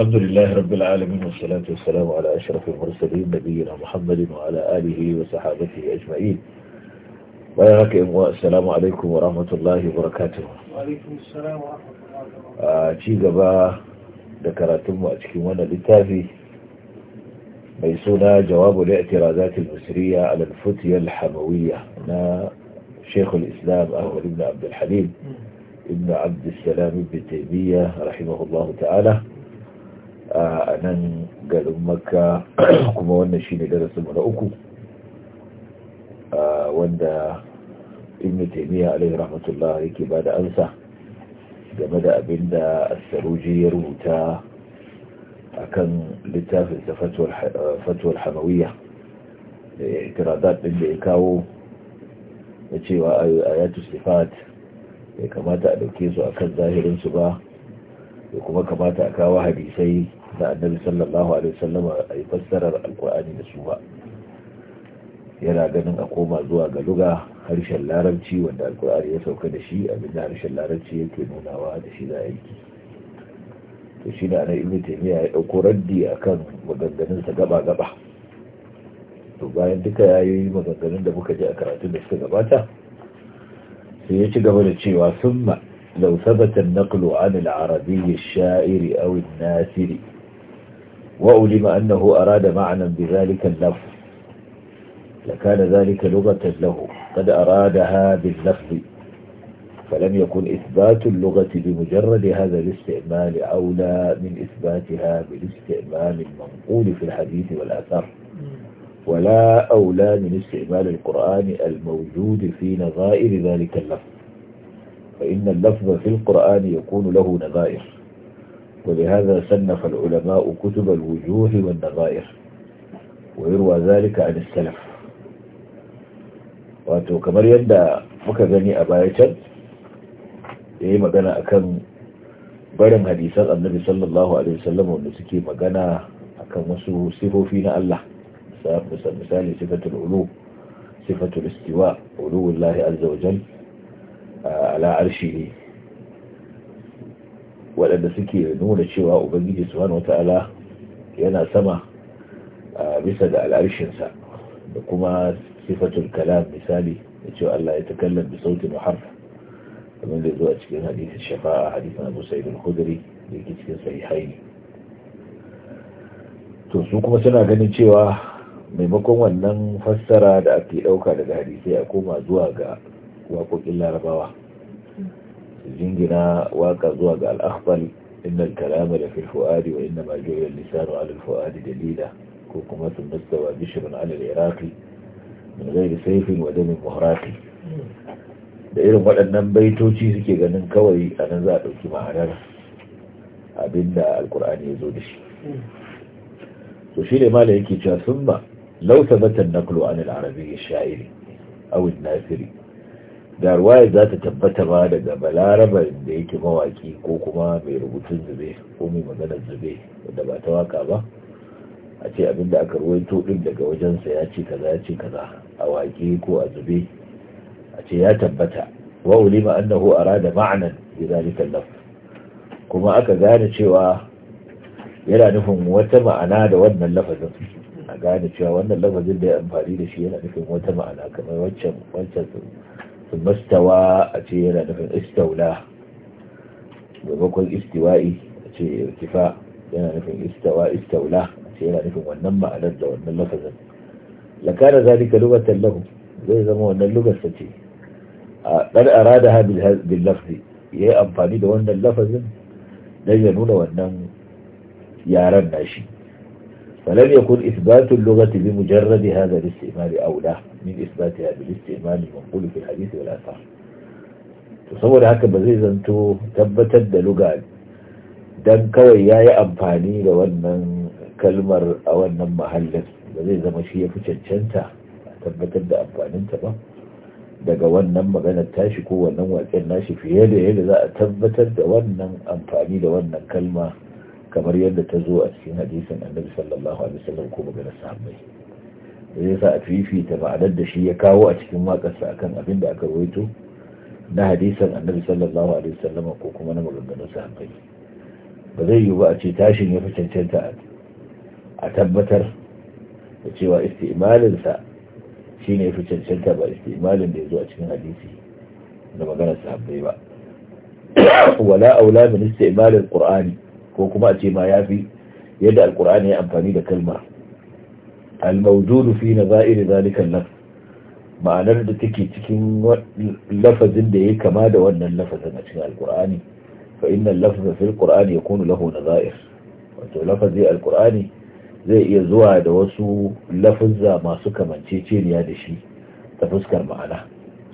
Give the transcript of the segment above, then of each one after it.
الحمد لله رب العالمين والصلاة والسلام على أشرف المرسلين نبينا محمد وعلى آله وصحابته أجمعين وياك السلام عليكم ورحمة الله وبركاته وعليكم السلام ورحمة الله وبركاته آه، شيء قبا ذكرتم وأتكمون لتافي ميسونا جواب الاعتراضات المصرية على الفتية الحموية أنا شيخ الإسلام أحمد بن عبد الحليم ابن عبد السلام بن تيمية رحمه الله تعالى a nan garin makka kuma wannan shi ne darasinmu na uku wanda ibn taimiyya alaihi rahmatullah yake ba da ansa game da abinda da ya rubuta a kan littafin sa fatuwar hamawiyya da itiradat ɗin da ya kawo na cewa ayatu sifat ya kamata a ɗauke su a kan zahirinsu ba ya kuma kamata a kawo hadisai da annabi sallallahu alaihi wasallam a yi fassarar alkur'ani da su ba yana ganin a koma zuwa ga luga harshen larabci wanda alkur'ani ya sauka da shi abinda harshen larabci yake nunawa da shi da aiki to shi da anan ibn taymiya ya dauko raddi akan maganganun sa gaba gaba to bayan duka yayi maganganun da muka ji a karatun da suka gabata sai ya ci gaba da cewa summa لو ثبت النقل عن العربي الشائر أو الناثر وألم أنه أراد معنى بذلك اللفظ لكان ذلك لغة له قد أرادها باللفظ فلم يكن إثبات اللغة بمجرد هذا الاستعمال أولى من إثباتها بالاستعمال المنقول في الحديث والآثار ولا أولى من استعمال القرآن الموجود في نظائر ذلك اللفظ فإن اللفظ في القرآن يكون له نظائر ولهذا صنف العلماء كتب الوجوه والنظائر ويروى ذلك عن السلف wato kamar yadda muka gani a bayacin ya yi magana akan barin hadisan annabi sallallahu alaihi wasallam wanda suke magana akan wasu sifofi na Allah misali sifatul ulu sifatul istiwa uluwullahi azza wajal ala waɗanda suke nuna cewa ubangiji subhanahu wata'ala yana sama a bisa da al'arshinsa da kuma sifatul kalam misali da cewa Allah ya takallam bi sautin harf kamar da zuwa cikin hadisin shafa'a hadisin Abu Sa'id al-Khudri da yake cikin sahihaini to su kuma suna ganin cewa maimakon wannan fassara da ake dauka daga hadisai a koma zuwa ga waƙoƙin larabawa jingina waka zuwa ga al'akbal inna al-kalama da fil fu'adi ma ju'ila lisanu ala al-fu'adi dalila ko kuma sun mustawa bishrun ala al-iraqi min ghairi sayfin wa damin da irin waɗannan baitoci suke ganin kawai a nan za a ɗauki ma'anar abinda alkur'ani ya zo da shi to shi ne mala yake cewa sun ba batan na naklo an al-arabi sha'iri aw an-nasiri da ruwaya za ta tabbata ba daga balaraba da yake mawaki ko kuma mai rubutun zube ko mai maganar zube da ba ta waka ba a ce abinda aka ruwaito tobin daga wajensa ya ce kaza ya ce kaza a waƙe ko a zube a ce ya tabbata wa ulima annahu arada ma'anan bi zalika laf kuma aka gane cewa yana nufin wata ma'ana da wannan lafazin a gane cewa wannan lafazin da ya amfani da shi yana nufin wata ma'ana kamar wancan wancan ثم استوى أتي لنفن استولى ومكن استوائي أتي ارتفاع لنفن استوى استولى أتي لنفن ونمى على الدول من لفظا لكان ذلك لغة له زي زمان أن اللغة ستي قد أرادها باللفظ يأمفاني دون اللفظ لن ينون وأنه يارن ناشي فلم يكن إثبات اللغة بمجرد هذا الاستعمال أولى من إثباتها ya المنقول في الحديث والآثار تصور هكذا زي tabbatar da دلغة dan kawai ya yi amfani da wannan kalmar a wannan mahallin ba zai zama shi ya fi cancanta a tabbatar da amfaninta ba daga wannan maganar tashi ko wannan waƙen nashi fiye da yadda za a tabbatar da wannan amfani da wannan kalma kamar yadda ta zo a cikin hadisin annabi sallallahu alaihi wasallam ko maganar sahabbai da zai sa a fifita ma'anar da shi ya kawo a cikin waƙarsa akan abin da aka rawaito na hadisan annabi sallallahu alaihi wasallam ko kuma na maganganun sahabbai ba zai yiwu ba a ce tashin ya fi cancanta a tabbatar da cewa istimalinsa shi ne fi cancanta ba istimalin da ya zo a cikin hadisi da maganar sahabbai ba wala aula min istimalin qur'ani ko kuma a ce ma ya fi yadda alkur'ani ya amfani da kalma al-mawjudu fi nazairi zalika ma'anar da take cikin lafazin da ya kama da wannan lafazin a cikin alkur'ani fa inna lafza fil qur'ani yakunu lahu nazair wato lafazi alkur'ani zai iya zuwa da wasu lafazza masu kamanceceniya da shi ta fuskar ma'ana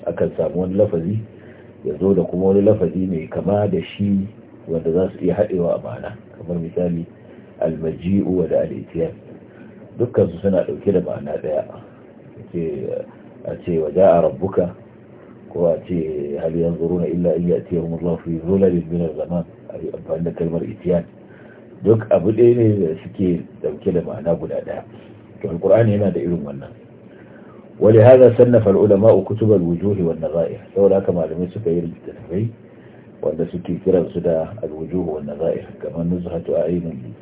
akan samu wani lafazi ya zo da kuma wani lafazi mai kama da shi wanda za su iya haɗewa a ma'ana kamar misali almaji'u da al'itiyar dukkan su suna ɗauke da ma'ana ɗaya a ce waje a rabbuka ko a ce hal yanzuru na illa iya ce wa murla fi zulalin minar zaman a yi amfani da kalmar itiyan duk abu ɗaya ne da suke ɗauke da ma'ana guda ɗaya to alƙur'ani yana da irin wannan wali hada sannafa al'ulama kutubar wujuhi wannan za'i saboda haka malamai suka yi littattafai wanda suke kiransu da alwujuhu wan nazair kamar nuzhatu a'yunin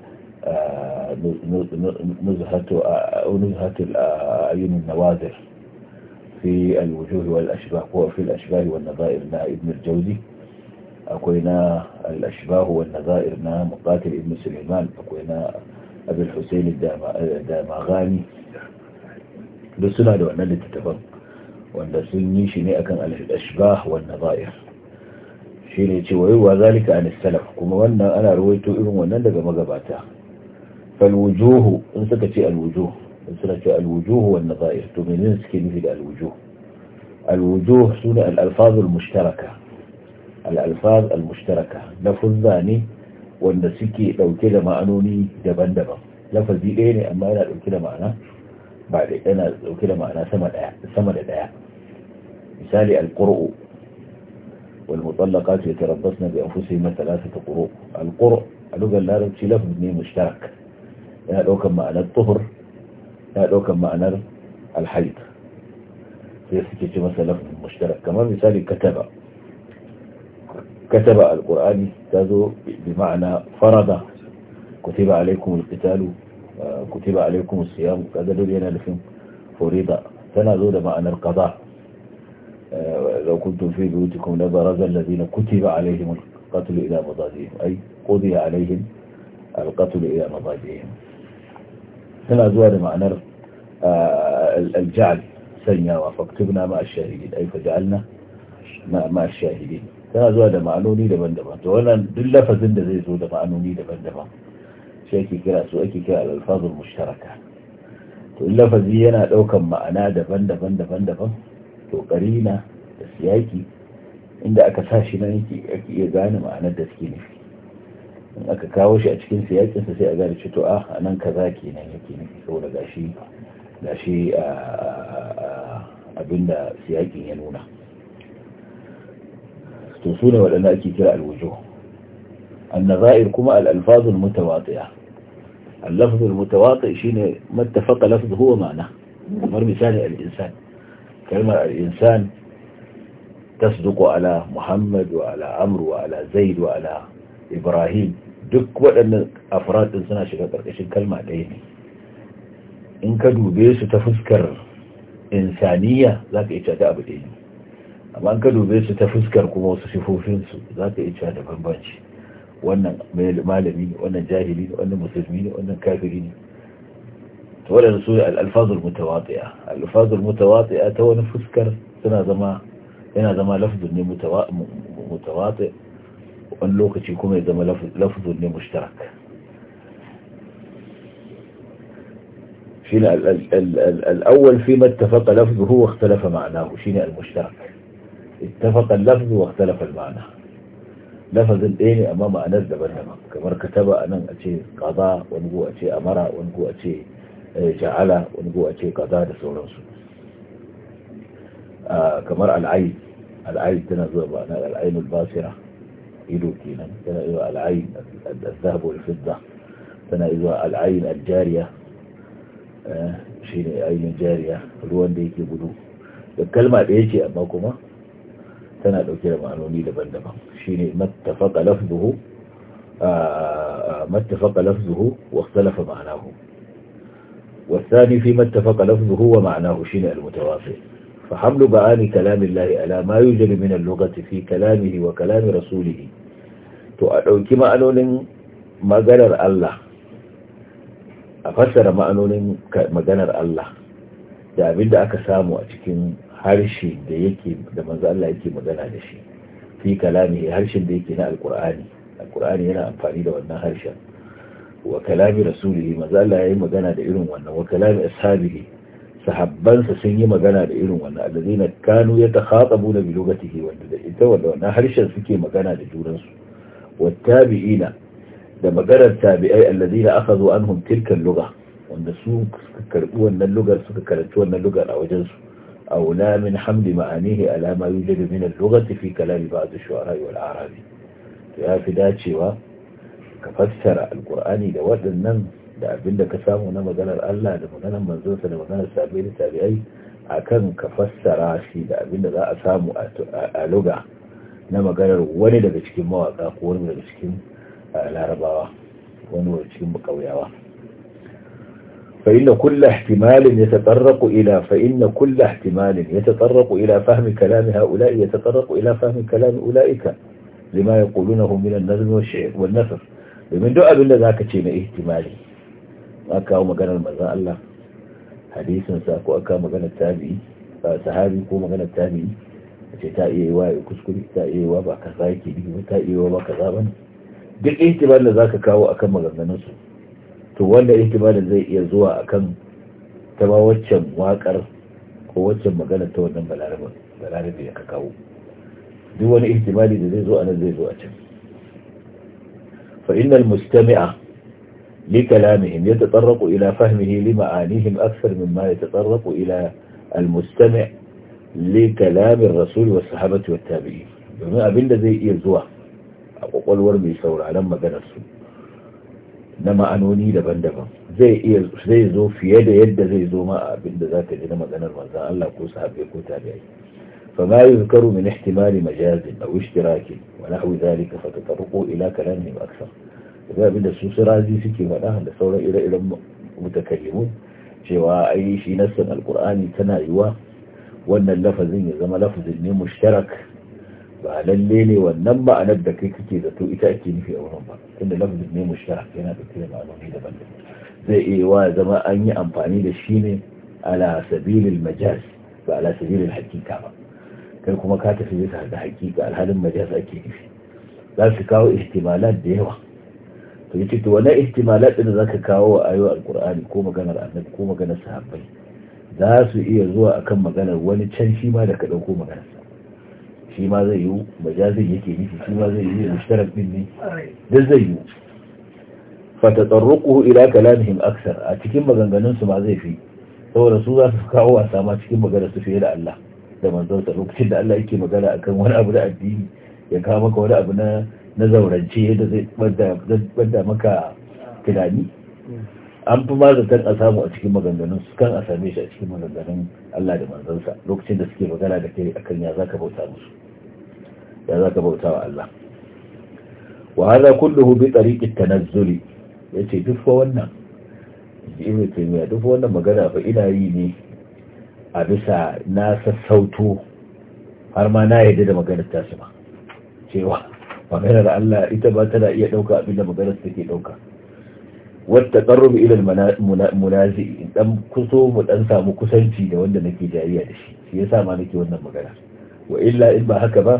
نزهة آه، نزهة آه، الأعين آه، النوادر في الوجوه والأشباه وفي الأشباه والنظائر نا ابن الجوزي أكوينا الأشباه والنظائر نا مقاتل ابن سليمان أكوينا أبي الحسين الداماغاني بسنا لو أن اللي تتفق وأن سنيشني أكن الأشباه والنظائر shi ne ce wai wa zalika an salaf kuma wannan ana rawaito irin wannan daga magabata fal in suka ce al in suka ce al wan nazair to menene suke nufi da al wujuh al wujuh suna al alfaz al mushtaraka al alfaz al mushtaraka wanda suke dauke da ma'anoni daban-daban lafazi ɗaya ne amma yana dauke da ma'ana ba da yana dauke da ma'ana sama da sama da daya misali al qur'u والمطلقات يتربصن بأنفسهما ثلاثة قروء القرء ألوغا لا رمشي لفظ مني مشترك يألو كما معنى الطهر يألو كما أنا الحيط سيستيكي مثلا لفظ مشترك كما مثال كتب كتب القرآن تازو بمعنى فرض كتب عليكم القتال آه، كتب عليكم الصيام كذا دولينا لفهم فريضة تنازو لمعنى القضاء لو كنتم في بيوتكم لبرز الذين كتب عليهم القتل إلى مضادهم أي قضي عليهم القتل إلى مضادهم هنا زوال معنى الجعل سينا فاكتبنا مع الشاهدين أي فجعلنا مع مع الشاهدين هنا زوال معنوني لبن دبا وانا دل فزند زي زود معنوني لبن دبا شاكي كرا سؤكي كرا الألفاظ المشتركة تقول لفزينا لو كان معنا دبن دبن دبن دبن تقرينا yaƙi inda aka sa shi nan yake iya gane ma'anar da suke nufi in aka kawo shi a cikin siyakinsa sai a gane ce ah, a nan kaza kenan yake nufi saboda gashi gashi abinda siyakin ya nuna to su ne waɗanda ake kira alwujo annaza'ir kuma al-alfazul mutawati'a al-lafzul mutawati shine mattafaqa lafzuhu wa ma'ana kamar misali al-insan kalmar al-insan tasduqu ala muhammad wa ala amru wa ala zaid wa ala ibrahim duk waɗannan afrad din suna shiga ƙarƙashin kalma ɗaya ne in ka dube su ta fuskar insaniya za ka iya ta abu ɗaya amma in ka dube su ta fuskar kuma wasu sifofinsu za ka iya ta bambanci wannan malami ne wannan jahili ne wannan musulmi ne wannan kafiri ne to waɗanda su ne al'alfazul mutawatiya al'alfazul mutawatiya ta wani fuskar suna zama yana zama lafzun ne mutawati wani lokaci kuma ya zama lafzun ne mushtarak شيء الأول فيما اتفق لفظه واختلف معناه شيء المشترك اتفق اللفظ واختلف المعنى لفظ الدين أمام أنز دبنما كما كتب أنا أتي قضاء ونقو أتي أمر ونقو أتي جعل ونقو أتي قضاء لسولنسو kamar al'ayi al'ayi tana zuwa ba na al'ayin basira ido kenan tana zuwa al'ayin al-zahab wal fidda tana zuwa al'ayin al-jariya eh, shine ayin jariya ruwan da yake gudu da kalma da yake amma kuma tana dauke da ma'anoni daban-daban shine mattafaqa lafzuhu mattafaqa lafzuhu wa salafa ma'anahu fi والثاني فيما اتفق لفظه ومعناه شين المتواصل فحمل معاني كلام الله على ما يوجد من اللغة في كلامه وكلام رسوله a معنون مغنر الله أفسر معنون مغنر الله da abin da aka samu a cikin harshe da yake da manzo Allah yake magana da shi fi kalami harshen da yake na alkur'ani alkur'ani yana amfani da wannan harshen wa kalami rasulihi yayi magana da irin wannan wa sahabbansa sun yi magana da irin wannan alladhina kanu yatakhatabuna bi ke wanda da ita wanda wannan harshen suke magana da junansu wattabi'ina da maganar tabi'ai alladhina aka zo an al-lugha wanda su suka karbi wannan lugar suka karanci wannan lugar a wajensu? su wula min hamdi ma'anihi ala ma yujadu min al-lughati fi kalami ba'd ash-shu'ara wal arabi to ya fi dacewa ka fassara alkur'ani da waɗannan da abin da ka samu na maganar Allah da maganar manzonsa da maganar sabi da tabi'ai akan ka fassara shi da abin da za a samu a luga na maganar wani daga cikin mawaƙa ko wani daga cikin larabawa wani daga cikin kauyawa فإن كل احتمال يتطرق إلى فإن كل احتمال يتطرق إلى فهم كلام هؤلاء يتطرق إلى فهم كلام أولئك لما يقولونه من النظم والنثر domin duk abin da za ka ce na ihtimali aka kawo maganar Maza Allah hadisin sa ko aka maganar Ba sahabi ko maganar a ce ta iya yi wa ya kuskure ta iya yi wa ba kaza yake Ba ta iya yi wa ba kaza ba duk ihtimalin da ka kawo akan maganganun su to wanda ihtimalin zai iya zuwa akan ta ba waccan wakar ko waccan magana ta wannan balarabe ya ka kawo duk wani ihtimali da zai zo a nan zai zo a can fa innal mustami'a لكلامهم يتطرق إلى فهمه لمعانيهم أكثر مما يتطرق إلى المستمع لكلام الرسول والصحابة والتابعين بما أبن الذي يرزوه أقول ورمي صور على ما قنصه نما أنوني لبن زي إيرز زي زو في يد يد زي زو ما أبن ذاك إنما قنصه الله الله كو صحابي كو فما يذكر من احتمال مجاز أو اشتراك ونحو ذلك فتطرقوا إلى كلامهم أكثر da abin da su su surazi suke faɗa da sauran ire-iren mutakallimun cewa ai shi nassin alkur'ani tana yiwa wannan lafazin ya zama lafazin ne mushtarak ba lalle ne wannan ma'anar da kai kake zato ita ake nufi a wurin ba tunda lafazin ne mushtarak yana da kira ma'anoni daban daban zai iya wa zama an yi amfani da shi ne ala sabilil majaz ba ala sabilil hakika ba kai kuma ka tafi bisa da hakika alhalin majaz ake nufi za su kawo ihtimalat da yawa to yace to wannan ihtimalat din zaka kawo a ayoyin alqur'ani ko maganar annabi ko maganar sahabbai za su iya zuwa akan maganar wani can shi ma da ka dauko maganar shi ma zai yi majazin yake nufi shi ma zai yi mushtarak din ne duk zai yi fatatarruquhu ila kalamihim aksar a cikin maganganun su ma zai fi saboda su za su kawo wasa ma cikin maganar su fiye da Allah da manzon sa lokacin da Allah yake magana akan wani abu da addini ya kawo maka wani abu na na zaurance yadda zai wadda maka tunani an fi ma zaton a samu a cikin maganganun su kan a same shi a cikin maganganun Allah da manzansa lokacin da suke magana da kai akan ya zaka bauta musu ya zaka bauta wa Allah wa hada kulluhu bi tariqi tanazzuli yace duk fa wannan ibnu taymiya duk wannan magana fa ina yi ne a bisa na sassauto har ma na yarda da maganar tasuma. cewa maganar Allah ita ba tana iya ɗauka abinda da ta take ɗauka wata ƙarrubi ilal munazi in ɗan kuso mu ɗan samu kusanci da wanda nake jariya da shi shi yasa ma nake wannan magana wa illa in ba haka ba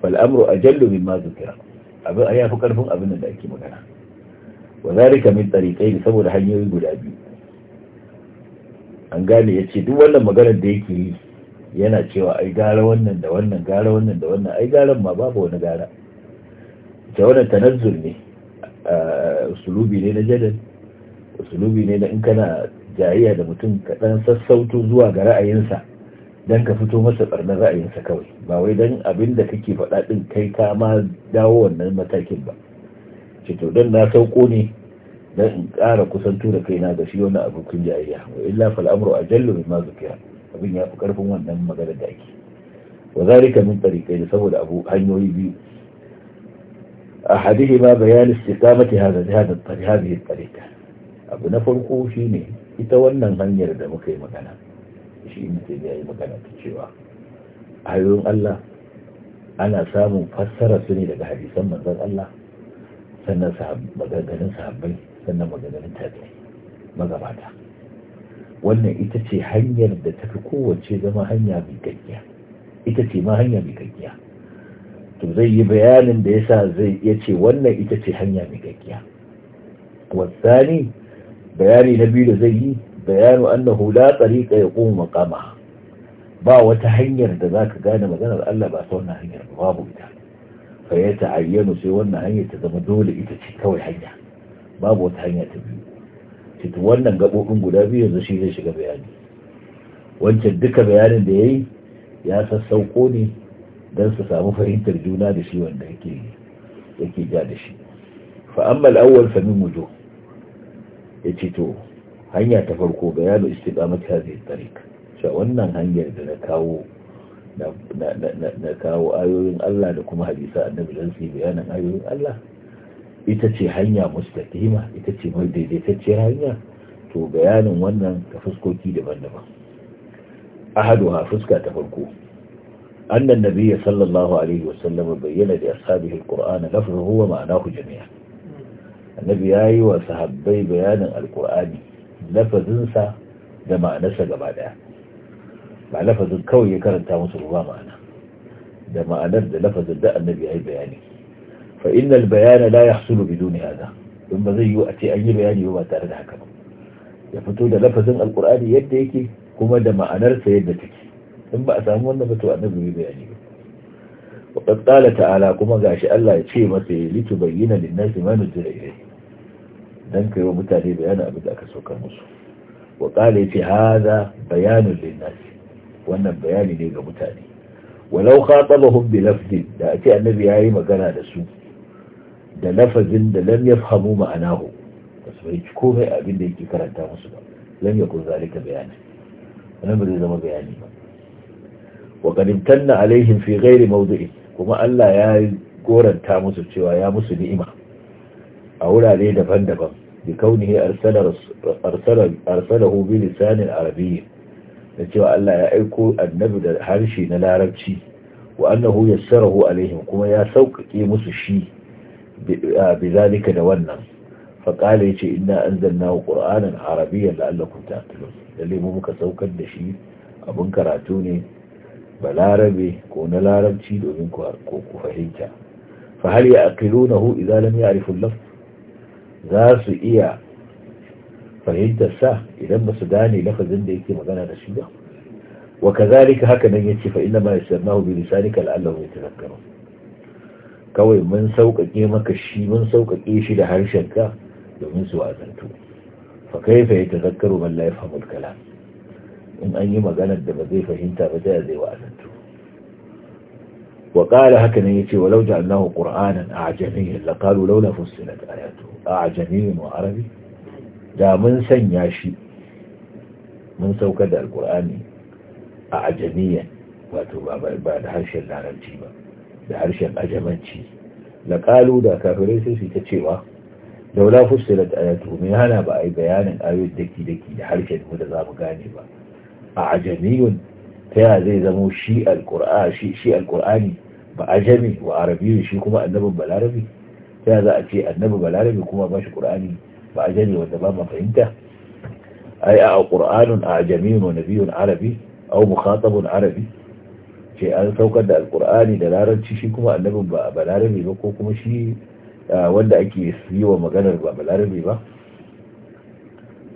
fal amru min mimma zukira abin ya fi ƙarfin abin da ake magana wa zalika min tariqai saboda hanyoyi guda biyu an gane ya ce duk wannan maganar da yake yi yana cewa ai gara wannan da wannan gara wannan da wannan ai garan ma babu wani gara ta wannan tanazzul ne usulubi ne na jadal usulubi ne da in kana jayayya da mutum kaɗan sassauto zuwa ga ra'ayinsa don ka fito masa ɓarnar ra'ayinsa kawai ba wai don abin da kake faɗa ɗin kai ka ma dawo wannan matakin ba ce to don na sauko ne don in ƙara kusanto da kaina ga shi wani abokin jayayya wa illa fal amru ajallu ma abin ya fi ƙarfin wannan maganar da ake wa zalika min tariqai saboda abu hanyoyi biyu أحدهما بيان استقامة هذا هذا الطريق هذه الطريقة أبو نفرقو شيني يتولى غنير دمكي مكانا شيني تبيعي مكانا تشيوا أيون الله ana samun fassara su ne daga hadisan manzon Allah sannan maganganun sahabbai sannan maganganun tabi'ai magabata wannan ita ce hanyar da ta fi kowace zama hanya mai gaggiya ita ce ma hanya mai to zai yi bayanin da ya sa zai ya ce wannan ita ce hanya mai gaggiya wasani bayani na biyu da zai yi bayanu annahu la tariqa yaqum maqama ba wata hanyar da zaka gane maganar Allah ba ta wannan hanyar ba babu ita fa ya ta'ayyanu sai wannan hanyar ta zama dole ita ce kawai hanya babu wata hanya ta biyu cikin wannan gabobin guda biyu yanzu shi zai shiga bayani wancan duka bayanin da yayi ya sassauko ne don su samu fahimtar juna da shi wanda yake ja da shi fa'ammal awwal fa min wujuh yace to hanya ta farko ga yalo istiqamati hadhihi tariq sha wannan hanyar da na kawo ayoyin Allah da kuma hadisa annabi dan su bayanan ayoyin Allah ita ce hanya mustaqima ita ce mai hanya to bayanin wannan ta fuskoki daban-daban ha fuska ta farko أن النبي صلى الله عليه وسلم بين لأصحابه القرآن لفظه ومعناه جميعا النبي آي وصحابي بيانا القرآن لفظنسا لما نسى جمالا مع لفظ كوي يكرن تامس الله معنا لما أنرد لفظ ده النبي آي بياني فإن البيان لا يحصل بدون هذا ثم زي يؤتي أي بيان يوم تارد حكمه يفتو ده لفظ القرآن يديك كما ده معنى سيدتك in ba a samu wannan ba to annabi bai bayani ba وقد قال تعالى كما غاشي الله يتي مسي لتبين للناس ما نزل إليه dan kai wa mutane bayanin abin da aka saukar musu wa qala yace hada bayanun linnas wannan bayani ne ga mutane walau khatabahum bi lafzin da ake annabi yayi magana da su da lafazin da lam yafhamu ma'anahu basu bai komai abin da yake karanta musu ba lam yakun zalika bayani wannan ba zai zama bayani ba wa qadimtanna alaihim fi ghairi mawdu'in kuma Allah ya goranta musu cewa ya musu ni'ima a wurare daban-daban bi kaunihi arsala arsala arsalahu bi lisanin arabiyyin da cewa Allah ya aiko annabi da harshe na larabci wa annahu yassarahu alaihim kuma ya saukake musu shi a zalika da wannan fa qala yace inna anzalnahu qur'anan arabiyyan la'allakum ta'qilun da mu muka saukar da shi abin karatu ne balarabe ko na larabci domin ku fahimta fa hal ya aqilu na hu idan lam ya'rifu za su iya fahimtar sa idan ba su gane lafazin da yake magana da shi ba wa kazalika haka nan yace fa inna ma yasarnahu bi lisanika la'allahu yatadhakkaru kawai mun sauƙaƙe maka shi mun sauƙaƙe shi da harshenka domin su wazantu fa kaifa yatadhakkaru man la yafhamu al-kalam in an yi maganar da ba zai fahimta ba zai zai wa'azantu wa qala haka ne yace walau ja'alnahu qur'anan Launa, laqalu laula fussilat ayatu a'jamiyyan wa arabi da mun sanya shi mun saukar da alqur'ani a'jamiyyan wato ba da harshen larabci ba da harshen ajamanci kalu da kafirai sai su ta cewa laula fussilat ayatu me hana ba ai bayanin ayoyi daki daki da harshen mu da zamu gane ba a ajamiyun ta yaya zai zamo shi alkur'ani ba ajami wa arabiyun shi kuma annabin balarabi ta yaya za a ce annabi balarabi kuma ba shi ƙur'ani ba ajami wanda ba ma fahimta ai a ƙur'anun a ajamiyun wa nabiyun arabi au mukhatabun arabi ce an saukar da al alkur'ani da larabci shi kuma annabin ba balarabi ba ko kuma shi wanda ake yi wa maganar ba balarabi ba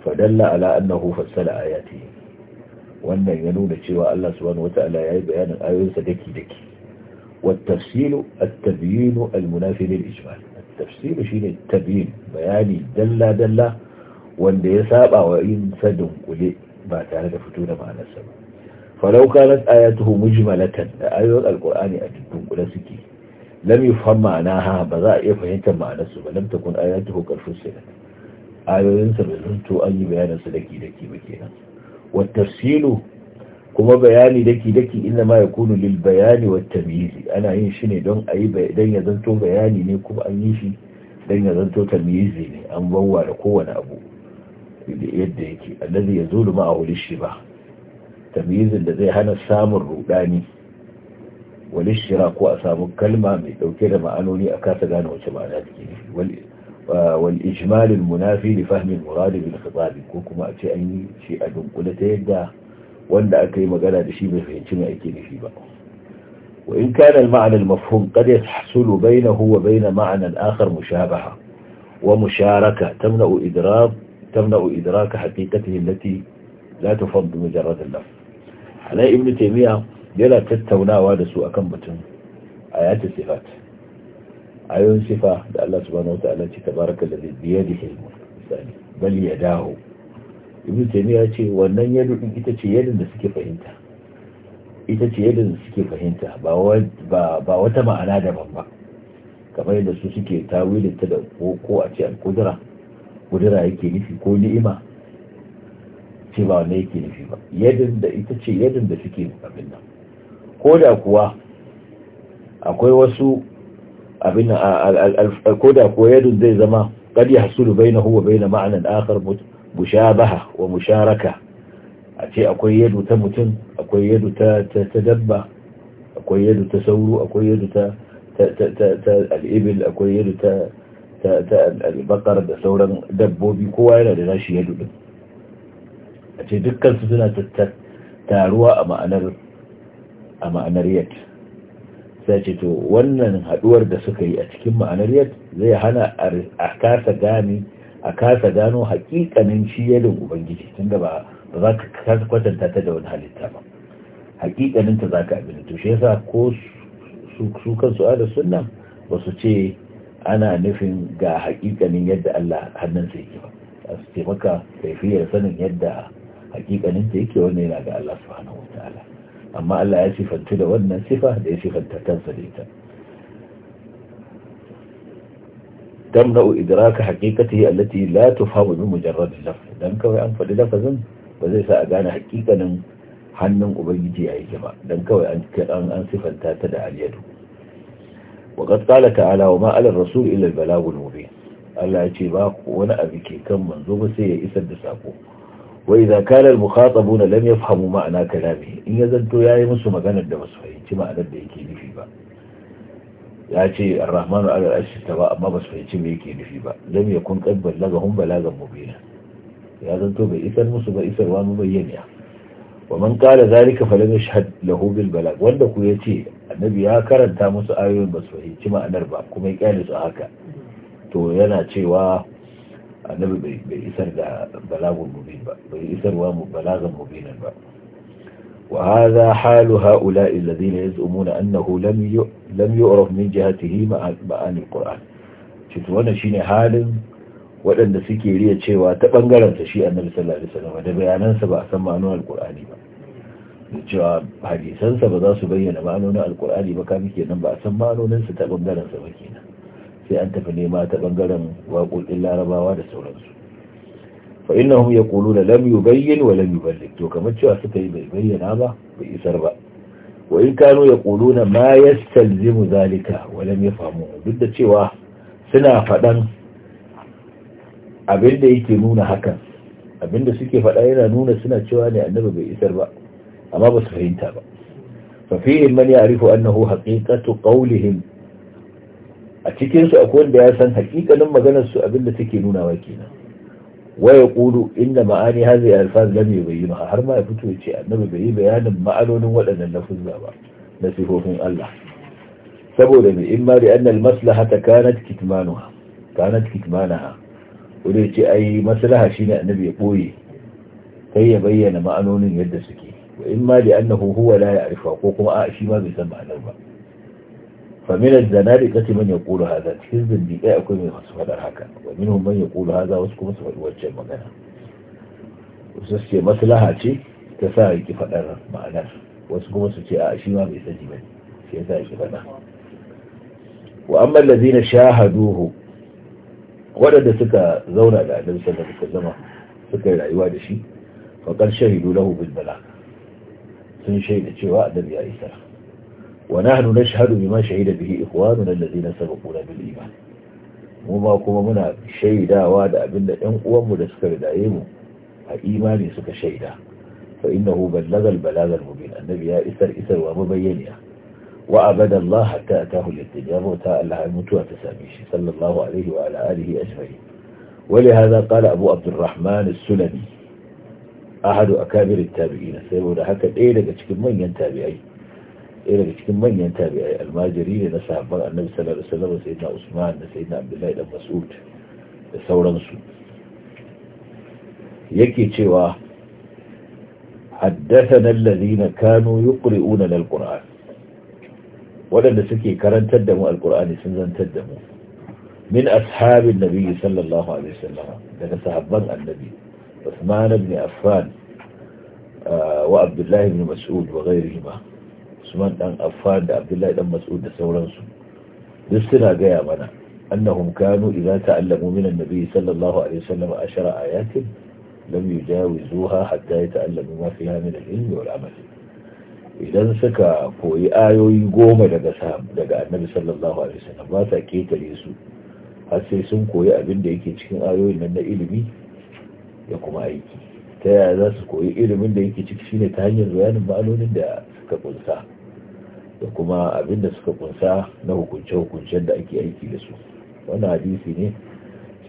fadalla ala annahu fassala ayatihi wannan ya nuna cewa Allah subhanahu wata'ala ya yi bayanin ayoyinsa daki daki والتفصيل التبيين المنافي للإجمال التفصيل شيء التبيين بياني دلا دلا wanda ya saba wa yin sadin kule ba tare da fito da ma'anarsa ba falau kanat ayatuhu mujmalatan da ayoyin qurani a cikin kule suke lam yufham ma'anaha ba za a iya fahimtar ma'anarsu ba lam takun ayatuhu kalfus sunan ayoyin sa bai zanto an yi bayanin su dake daki ba kenan wa kuma bayani daki daki inda ma kunu lil bayani wa ana yin shi ne don ayi dan ya zanto bayani ne kuma an yi shi dan ya zanto tamyizi ne an bawa da kowane abu yadda yake allazi yazulu ma ahuli shi ba tamyizin da zai hana samun rudani wani shira ko a samu kalma mai dauke da ma'anoni a kasa gane wace ma'ana take wal آه، والإجمال المنافي لفهم المراد بالخطاب كوكما أتي أني شيء قلت تيدا وأن أكي دشي بفهن بفهنشنا أكي نفي بقى وإن كان المعنى المفهوم قد يحصل بينه وبين معنى آخر مشابهة ومشاركة تمنع إدراك تمنع إدراك حقيقته التي لا تفض مجرد اللفظ على ابن تيمية يلا تتوناوا da سوء akan batun ayatul ayon sifa da Allah subhanahu wa ta'ala ce tabaraka da biyadihi da misali bal yadahu ibnu taymiya ce wannan yadu din ita ce yadin da suke fahimta ita ce yadin da suke fahimta ba ba wata ma'ana daban ba kamar yadda su suke tawilin ta da ko a ce al-qudra kudura yake nufi ko ni'ima ce ba wanda yake nufi ba yadin da ita ce yadin da suke abin nan ko da kuwa akwai wasu abin koda ko yadun zai zama kad yahsulu bainahu wa bain ma'anan akhar mushabaha wa musharaka a ce akwai yadu ta mutum akwai yadu ta ta dabba akwai yadu ta sauro akwai yadu ta ta al'ibil akwai yadu ta ta albakar da sauran dabbobi kowa yana da nashi yadu din a ce dukkan su suna taruwa a ma'anar a ma'anar yadda ta ce to wannan haduwar da suka yi a cikin ma'anar yadda zai hana a kasa gane a kasa gano hakikanin shi yadin ubangiji tunda ba za ka kasa kwatanta ta da wani halitta ba hakikanin ta za ka abin to shi yasa ko su kansu a da sunna ba su ce ana nufin ga hakikanin yadda Allah hannunsa yake ba a su ce maka kaifiyar sanin yadda hakikanin ta yake wannan yana ga Allah subhanahu amma Allah ya sifantu da wannan sifa da ya sifanta kansa da ita tamna'u idraka haqiqatihi allati la tufhamu bi mujarrad al-lafz dan kawai an faɗi lafazin ba zai sa a gane haƙiƙanin hannun ubangiji a yi ba dan kawai an an an sifanta ta da aliyadu yadu wa qad qala ta'ala wa ma 'ala ar-rasul illa al-balagh al-mubin Allah ya ce ba wani abu ke kan manzo ba sai ya isar da sako Wai idza kana al-mukhatabuna lam yafhamu ma'ana kalami in ya zanto yayi musu maganar da basu fahimci ma'anar da yake nufi ba ya ce ar-rahmanu ala al-arshi tawa amma basu fahimci me yake nufi ba lam yakun qad ballagahum balagan mubina ya zanto bai isar musu ba isarwa mu bayyana wa man qala zalika falam yashhad lahu Bala. wanda ku yace annabi ya karanta musu ayoyin basu fahimci ma'anar ba kuma ya kyale su haka to yana cewa annabi bai isar da balagun mubin ba bai isarwa mu balagan mubinan ba wa hadha halu haula alladhina yaz'umuna annahu lam lam yu'raf min jihatihi ma'ani alquran shi to wannan shine halin waɗanda suke riya cewa ta bangaren sa shi annabi sallallahu alaihi wasallam da bayanansa ba a san ma'anar alqurani ba da cewa hadisansa ba za su bayyana ma'anonin alkur'ani ba kafin kenan ba a san ma'anoninsa ta bangaren sa ba kenan sai an tafi nema ta bangaren waƙoƙin larabawa da sauransu fa innahum yaquluna lam yubayyin wa lam yuballigh to kamar cewa suka yi bai bayyana ba bai isar ba wa in kanu yaquluna ma yastalzimu zalika wa lam yafhamu duk da cewa suna faɗan abinda yake nuna hakan abinda suke faɗa yana nuna suna cewa ne annabi bai isar ba amma ba su fahimta ba fa fihi man ya'rifu annahu haqiqatu qawlihim a cikinsu akwai wanda ya san hakikanin maganar su abinda take nuna wa kenan wa kudu inna ma'ani hadhihi alfaz lam yubayyana har ma ya fito ce annabi bai yi bayanin ma'anonin waɗannan lafuzza ba na sifofin Allah saboda mai in ma da annal maslahata kanat kitmanuha kanat kitmanaha wanda ce ai maslaha shine annabi ya boye kai ya bayyana ma'anonin yadda suke wa in ma da annahu huwa la ya'rifa ko kuma a shi ma bai san ma'anar ba familar da na rika ce manya kulu cikin zindiƙai akwai mai su faɗar haka wa minhum manya kulu haza wasu kuma su faɗi waccan magana wasu ce maslaha ce ta sa ki faɗar ma'anar wasu kuma su ce a shi ma bai sani ba shi ya sa ki faɗa wa amma lazina shahaduhu waɗanda suka zauna da annabi sallallahu alaihi wasallam suka rayuwa da shi faqad shahidu lahu bil bala sun shaida cewa annabi ya isa wa nahnu nashhadu bima shahida bihi ikhwanuna alladhina sabaquna bil iman mu ma kuma muna shaidawa da abinda ɗan uwanmu da suka ridaye mu a imani suka shaida fa innahu ballagal balagal mubin annabi ya isar isarwa mabayyaniya wa abada Allah hatta atahu al-istijaba ta Allah ya mutuwa ta same shi sallallahu alaihi wa ala abu ajma'in ولهذا قال أبو عبد الرحمن السلمي أحد أكابر التابعين سيقول حكا إيه لك تكمين ينتابعين ɗaya daga cikin manyan tabi'ai almajiri ne na sahabban annabi sallallahu alaihi wasallam sayyidina usman da sayyidina abdullahi da mas'ud da sauransu yake cewa haddathana alladhina kanu yuqri'una alquran waɗanda suke karantar da mu alqurani sun zantar da mu min ashabin nabi sallallahu alaihi wasallam daga sahabban annabi Uthman ibn Affan wa Abdullahi ibn Mas'ud wa ghayrihima usman dan affan da abdullahi dan mas'ud da sauransu duk suna gaya mana annahum kanu idza ta'allamu min Nabi, sallallahu alaihi wasallam ashara ayatin lam yujawizuha hatta yata'allamu ma fiha min al-ilmi wal amal idan suka koyi ayoyi goma daga daga annabi sallallahu alaihi wasallam ba ta ketare su har sai sun koyi abin da yake cikin ayoyin nan na ilimi da kuma aiki ta yaya za su koyi ilimin da yake ciki shine ta hanyar bayanin ma'anonin da suka kunsa da kuma abin da suka kunsa na hukunce-hukuncen da ake aiki da su wannan hadisi ne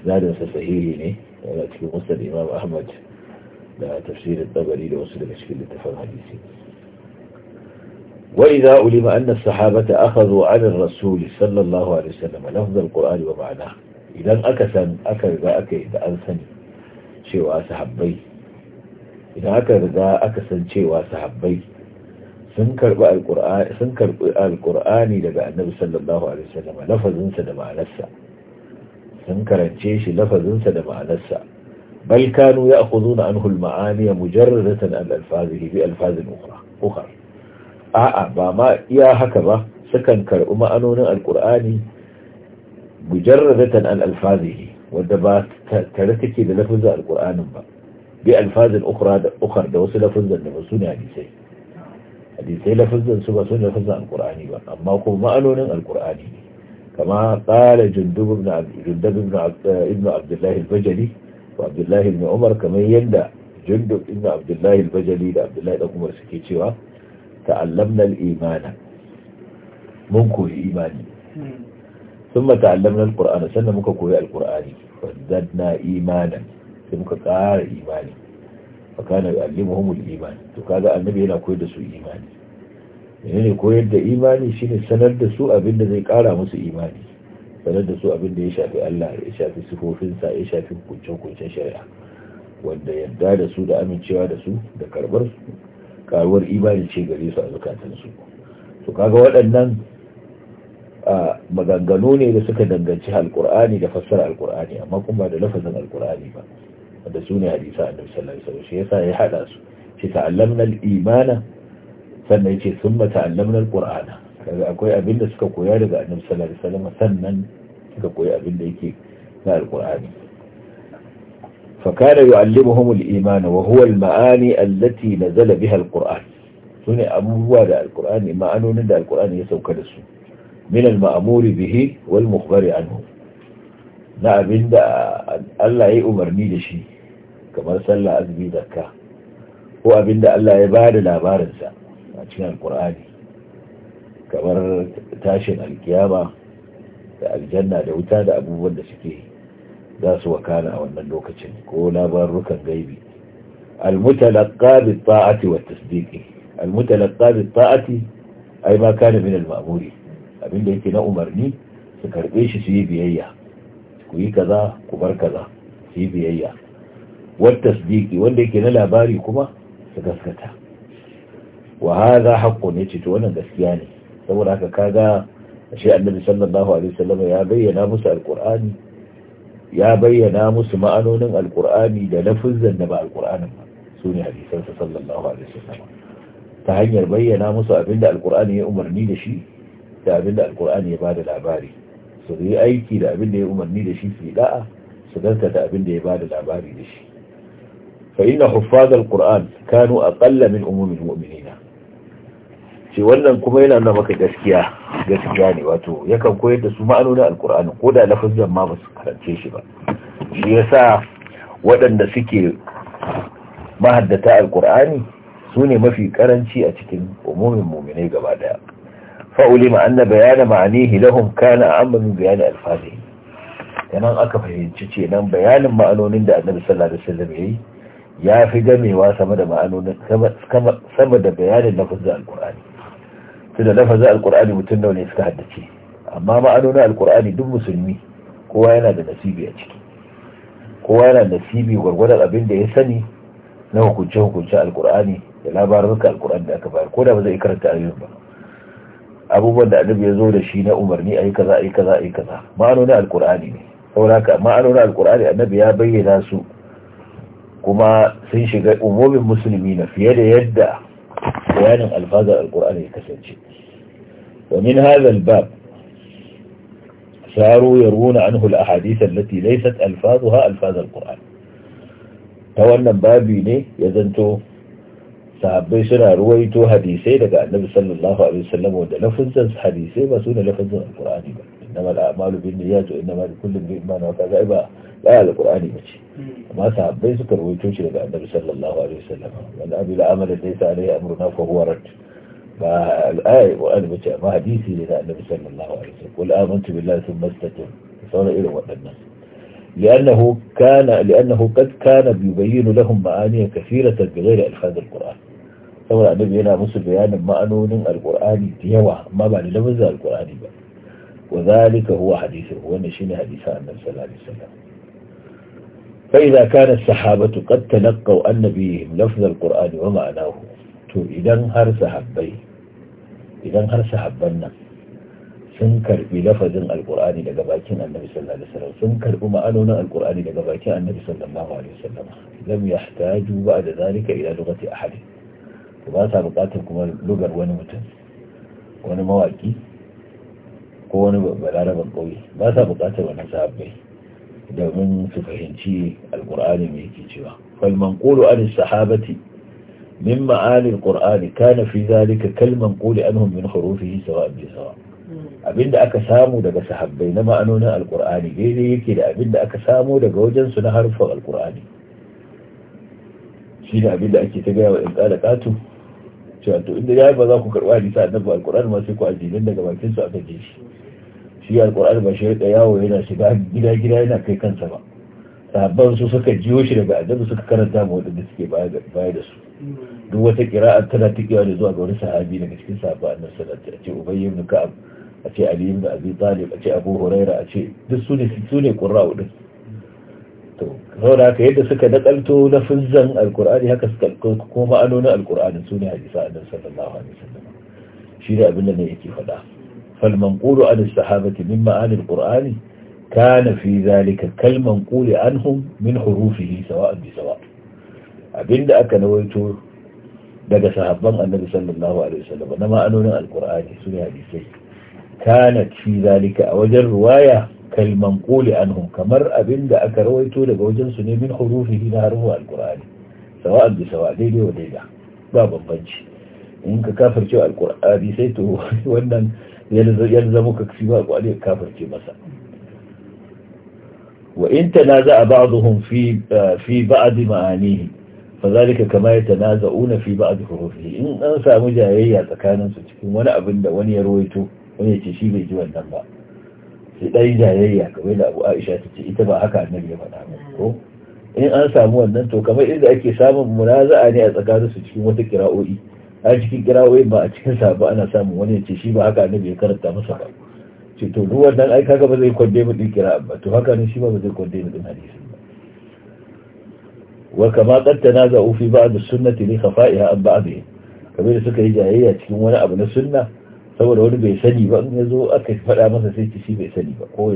sinarinsa sahihi ne yana cikin musul imam ahmad da tafsirin tabari da wasu daga cikin littafin hadisi wa idza ulima anna as-sahabata akhadhu 'ala ar-rasul sallallahu alaihi wasallam lafz al أخذوا wa الرسول idan aka san aka riga aka yi da an أكرغا cewa sahabbai idan aka riga aka san cewa sahabbai sun karɓi alqur'ani sun karbi alqur'ani daga annabi sallallahu alaihi wasallam lafazinsa da ma'anarsa sun karance shi lafazinsa da ma'anarsa bal kanu ya'khuduna anhu al-ma'ani mujarradatan an alfazihi bi alfazin ukhra ukhra a'a ba ma iya haka ba sukan karɓi ma'anonin alqur'ani mujarradatan an alfazihi Wadda ba tare take da lafazin alqur'anin ba bi alfazin ukhra da ukhra da wasu lafazan da ba su ne hadisai hadisai lafazin su ba su lafazin alkur'ani ba amma kuma ma'anonin alkur'ani kama tsara jundub ibn jundub ibn abdullah al-bajali wa abdullah ibn umar kamar yadda jundub ibn abdullah bajali da Abdullahi ibn umar suke cewa ta'allamna al mun koyi imani sun ثم sannan muka koyi مكا كوي القرآن imanan إيمانا muka كتار imani. fa kana yu'allimuhum al imani. to kaga annabi yana koyar da su imani menene koyar da imani shine sanar da su abin da zai kara musu imani sanar da su abin da ya shafi Allah ya shafi sifofinsa ya shafi hukunce-hukuncen shari'a wanda yadda da su da amincewa da su da karbar karuwar imani ce gare su a zukatansu to kaga waɗannan maganganu ne da suka danganci alkur'ani da fassara alkur'ani amma kuma da lafazin alkur'ani ba da su ne hadisa annabi sallallahu shi yasa ya hada su ce ta'allamna imana sannan yace sun ta'allamna al-qur'ana kaga akwai abin da suka koya daga annabi sallallahu sannan suka koya abin da yake na al-qur'ani fa kana yu'allimuhum imana wa huwa maani allati na biha al sune abubuwa da al ma'anonin da al ya sauka da su min al-ma'muri bihi wal mukhbari anhu na abin da Allah ya yi umarni da shi kamar sallah azumi zakka ko abinda Allah ya ba da labarinsa a cikin alkur'ani kamar tashin alkiyama da aljanna da wuta da abubuwan da suke za su wakana a wannan lokacin ko labarukan gaibi almutalaqqa bi ta'ati wa ai ma kana min al-ma'muri abinda yake na umarni su karbe shi su yi biyayya ku yi kaza ku bar kaza su yi biyayya والتصديق wanda yake na labari kuma su gaskata wa haƙo ne ce to wannan gaskiya ne saboda haka kaga shi annabi sallallahu alaihi wasallam ya bayyana musu alqur'ani ya bayyana musu ma'anonin alqur'ani da lafuzan da ba alqur'anin ba sune hadisan sa sallallahu alaihi wasallam ta hanyar bayyana musu abinda alqur'ani ya umarni da shi da abinda alqur'ani ya bada labari su yi aiki da abinda ya umarni da shi su yi da'a su gaskata abinda ya bada labari da shi fa inna huffazal qur'an kanu aqalla min umumil mu'minina ce wannan kuma yana nuna maka gaskiya gaskiya ne wato yakan koyar da su ma'anonin alqur'ani ko da lafazin ma basu karance shi ba shi yasa waɗanda suke mahaddata alqur'ani su ne mafi karanci a cikin umumin mu'minai gaba ɗaya. fa'ulima anna bayana ma'anihi lahum kana amma min bayani alfazihi nan aka fahimci ce nan bayanin ma'anonin da annabi sallallahu alaihi wasallam yayi ya fi gamewa sama da ma'anonin sama da bayanin lafazin alkur'ani su da lafazin alkur'ani mutum nawa ne suka haddace amma ma'anonin alkur'ani duk musulmi kowa yana da nasibi a ciki kowa yana da nasibi gwargwadon abin da ya sani na hukunce hukunce alkur'ani da ka alkur'ani da aka bayar ko da ba zai karanta ayoyin ba abubuwan da annabi ya zo da shi na umarni ayi kaza ayi kaza ayi kaza ma'anonin alkur'ani ne saboda haka ma'anonin alkur'ani annabi ya bayyana su kuma sun shiga umomin musulmi na fiye da yadda bayanin alfazar alkur'ani ya kasance an hula الباب صاروا يرون عنه الأحاديث التي ليست ألفاظها Ta wannan babi ne ya zanto sahabbai suna ruwaito hadisai daga annabi sallallahu alaihi wasallam wanda lafinsa hadisai ba su ne lafazin alqur'ani ba إنما الأعمال بالنيات وإنما لكل امرئ ما نوى كذا إبا لا القرآن يمشي ما صعب بس كرو يتوشي لك النبي صلى الله عليه وسلم من أبي العمل ليس عليه أمرنا فهو رد ما الآية وأنا بتاع ما حديثي لنا النبي صلى الله عليه وسلم قل آمنت بالله ثم استتم صلى إلى وقت الناس لأنه كان لأنه قد كان يبين لهم معاني كثيرة بغير ألفاظ القرآن ثم النبي هنا مسلم بيان معنون القرآن ديوا ما بعد لفظ القرآن بقى wa zalika huwa hadithu wannan shine hadisin annabi sallallahu alaihi wasallam فإذا كان الصحابة قد تلقوا أن لفظ القرآن ومعناه to idan har sahabbai idan har sahabban nan sun karbi lafazin alkur'ani daga bakin annabi sallallahu alaihi wasallam sun karbi ma'anonin alkur'ani daga bakin annabi sallallahu alaihi wasallam lam yahtaju ba'da zalika ila lugati ahad to ba sa bukatar kuma lugar wani mutum wani mawaki ko wani balaraban ƙauye ba sa buƙatar wani sahabbai domin su fahimci alƙur'ani mai yake cewa falman ƙulu an sahabati min ma'anin ƙur'ani kana fi zalika kalman ƙuli anhum min hurufihi sawa bi sawa abinda aka samu daga sahabbai na ma'anonin alƙur'ani daidai yake da abinda aka samu daga wajensu na harfin alƙur'ani shi ne abinda ake ta gaya wa in ƙada ƙatu cewa to inda ya ba za ku karɓa hadisa annabi alƙur'ani ma sai ku ajiye daga bakin su aka je shi shi alƙur'an ba shi da yawo yana shiga gida gida yana kai kansa ba sahabban su suka jiyo shi daga annabi suka karanta ma wadanda suke baya da su duk wata kira'a tana tikewa da zuwa ga wani sahabi daga cikin sahabba a nan sanar a ce ubayy ibn ka a ce ali da abi talib a ce abu huraira a ce duk su ne su ne kurra din to zauna haka yadda suka nakalto na fizzan alkur'ani haka suka kuma ma'anonin alkur'ani su ne hadisa annabi sallallahu alaihi wasallam shi ne abin da ne yake faɗa فالمنقول عن الصحابة من معاني القرآن كان في ذلك كالمنقول عنهم من حروفه سواء بسواء abinda aka nawaito daga sahabban annabi sallallahu alaihi wasallam na ma'anonin alqur'ani su ne hadisai kana fi zalika a wajen ruwaya kal manquli anhum kamar abinda aka rawaito daga wajen su ne min hurufihi na harfu alqur'ani sawa'an bi sawa daidai wa daida ba bambanci in ka kafirce alqur'ani sai to wannan yalzamu ka fi ba ku ne kafirce masa wa in tanaza ba'dhum fi eh, fi ba'd ma'anihi fazalika kama yatanaza'una fi ba'd hurufihi in an samu jayayya tsakaninsu cikin wani abin da wani ya rawaito wani ya ce shi bai ji wannan ba sai dai jayayya kamar da Abu Aisha ta ce ita ba haka annabi ya faɗa ba ko in an samu wannan to kamar inda ake samun munaza'a ne a tsakaninsu cikin wata kira'o'i a cikin kirawoyin ba a cikin sa ana samun wani ya ce shi ba haka annabi ya karanta masa ba ce to duk wannan ai kaga ba zai kwande mu din kira ba to haka ne shi ba zai kwande mu din hadisi ba wa kama qad tanaza'u fi ba'd sunnati li khafa'iha an ba'dih kamar da suka yi jayayya cikin wani abu na sunna saboda wani bai sani ba in ya aka faɗa masa sai ci shi bai sani ba ko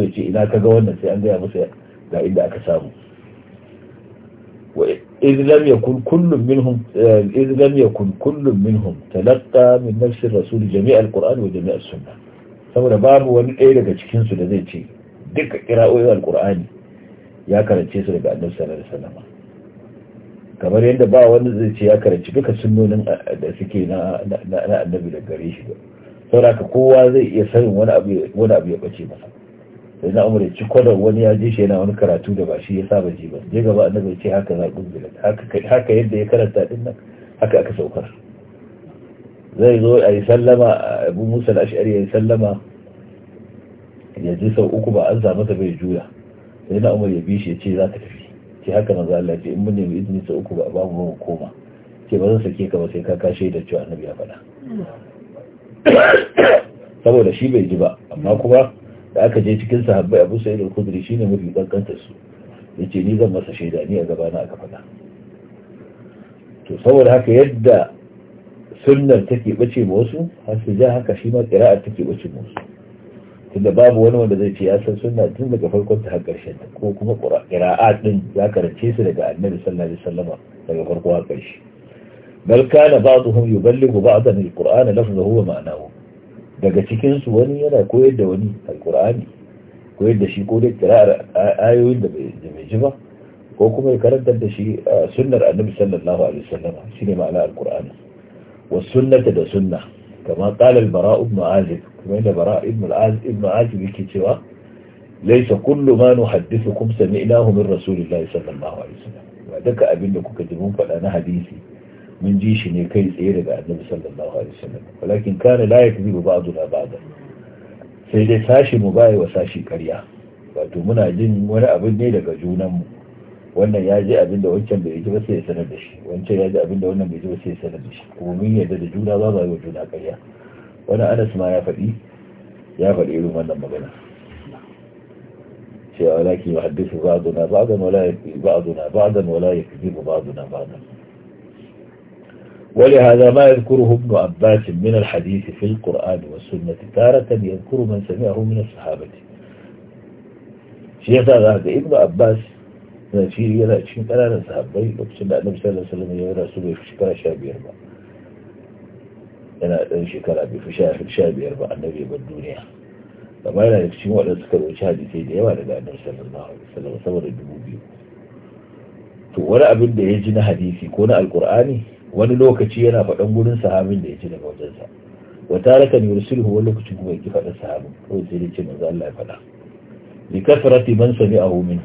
ya ce ina kaga wannan sai an gaya masa ga inda aka samu إذ لم يكن كل منهم إذ لم يكن تلقى من نفس الرسول جميع القرآن وجميع السنة saboda babu wani ɗaya daga cikinsu da zai ce duka ƙira'o'in alƙur'ani ya karance su daga annabi sallallahu alaihi wasallam kamar yadda ba wani zai ce ya karanci duka sunnonin da suke na annabi da gare shi ba saboda kowa zai iya sanin wani abu ya bace masa sai na umar ci kwadon wani ya je shi yana wani karatu da ba shi ya saba ji ba je gaba annabi ce haka za ku haka haka yadda ya karanta din nan haka aka saukar zai zo a yi sallama abu musa al-ash'ari ya sallama ya ji sau uku ba an za masa bai juya sai na umar ya bi shi ya ce za ta tafi ce haka manzo Allah ce in mun nemi izini sau uku ba babu mu koma ce ba zan sake ka ba sai ka kashe da cewa annabi ya faɗa saboda shi bai ji ba amma kuma da aka je cikin sahabbai abu sa'id al-khudri shine mafi kankanta su yace ni zan masa shaida ni a gabana aka faɗa to saboda haka yadda sunnar take ɓace ma wasu har su ja haka shi ma qira'ar take ɓace ma wasu tunda babu wani wanda zai ce ya san sunna tun daga farkon ta har ƙarshen ta ko kuma qira'at din ya karance su daga annabi sallallahu alaihi daga farko har ƙarshe bal kana ba'dhum yuballighu na al-qur'ana lafzahu wa daga cikinsu wani yana koyar da wani alkur'ani koyar da shi ko da kira'ar ayoyin da bai ji ba ko kuma ya karantar da shi sunnar annabi sallallahu alaihi wasallam shine ma'ana alkur'ani was sunnata da sunna kama qala al-bara ibn azib kuma inda bara ibn azib ibn azib yake cewa laysa kullu ma nuhaddithukum sami'nahu min rasulillahi sallallahu alaihi wasallam wa duka abinda kuka ji mun faɗa na hadisi mun ji shi ne kai tsaye daga annabi sallallahu alaihi wasallam walakin kana la yakzibu ba'duna ba'da sai dai sashi mu bai wa sashi ƙarya wato muna jin wani abin ne daga junan mu wannan ya ji abin da wancan bai ji ba sai ya sanar da shi wancan ya ji abin da wannan bai ji ba sai ya sanar da shi kuma mun yarda da juna ba bai wa juna ƙarya wani Anas ma ya faɗi ya faɗi irin wannan magana cewa laki yuhaddithu ba'duna ba'dan wala ba'duna ba'dan wala yakzibu ba'duna ba'dan ولهذا ما يذكره ابن عباس من الحديث في القرآن والسنة تارة يذكر من سمعه من الصحابة شيخ هذا ابن عباس نشير إلى شيخ أنا نسحب أي لبس لا نبي صلى الله عليه أنا شكرا بفشاف شعبي اربع النبي والدنيا. فما لا يكشموا على سكر وشهاد سيدي وانا النبي صلى الله عليه وسلم صور النبوبي ولا أبد يجن حديثي كون القرآني wani lokaci yana faɗan gurin sahabin da ya ci daga wajensa wa tarakan yursiluhu wani lokacin kuma yake faɗan sahabin ko sai dai ce manzo Allah ya faɗa bi kasrati man sami'ahu min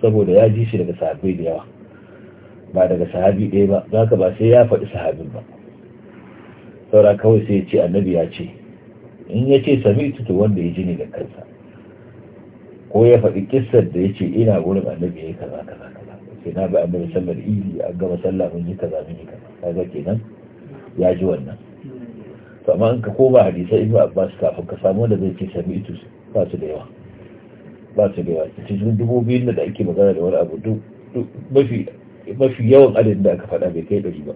saboda ya ji shi daga sahabbai da yawa ba daga sahabi ɗaya ba zaka ba sai ya faɗi sahabin ba saura kawai sai ya ce annabi ya ce in ya ce sami'tu to wanda ya ji ne da kansa ko ya faɗi kissar da ya ce ina gurin annabi ya yi kaza kaza ce na ga annabi sallar idi an gama sallah mun yi kaza mun yi kaza kaga kenan ya ji wannan to amma in ka koma hadisai ibnu abbas kafin ka samu da zai ce sami'tu ba su da yawa ba su da yawa cikin dubu biyun da ake magana da wani abu duk mafi mafi yawan adadin da aka faɗa bai kai ɗari ba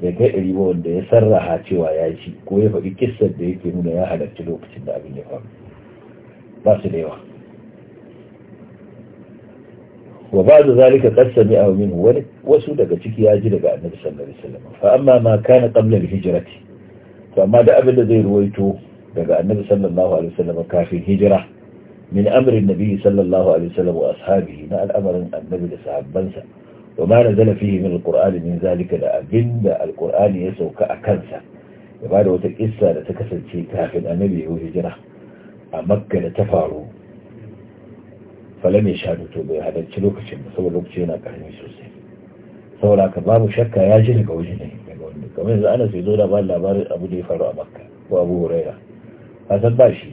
bai kai ɗari ba wanda ya sarraha cewa ya ci ko ya faɗi kissar da yake nuna ya halarci lokacin da abin ya faru ba su da yawa wa ba'da zalika qad sami'a minhu wani wasu daga ciki ya ji daga annabi sallallahu alaihi wasallam amma ma kana qabla hijrati to amma da abin da zai ruwaito daga annabi sallallahu alaihi wasallam kafin hijira min amrin nabi sallallahu alaihi wasallam wa ashabihi na al'amarin annabi da sahabbansa wa ma nazala fihi min al min zalika da abinda al ya sauka a kansa ya bada wata kissa da ta kasance kafin annabi ya hijira a makka da ta faru falam ya sha to bai halarci lokacin ba saboda lokaci yana karami sosai saboda ka babu shakka ya ji daga waje ne daga wanda kamar yanzu ana sai zo da ba labarin abu da ya faru a makka ko abu huraira ka san ba shi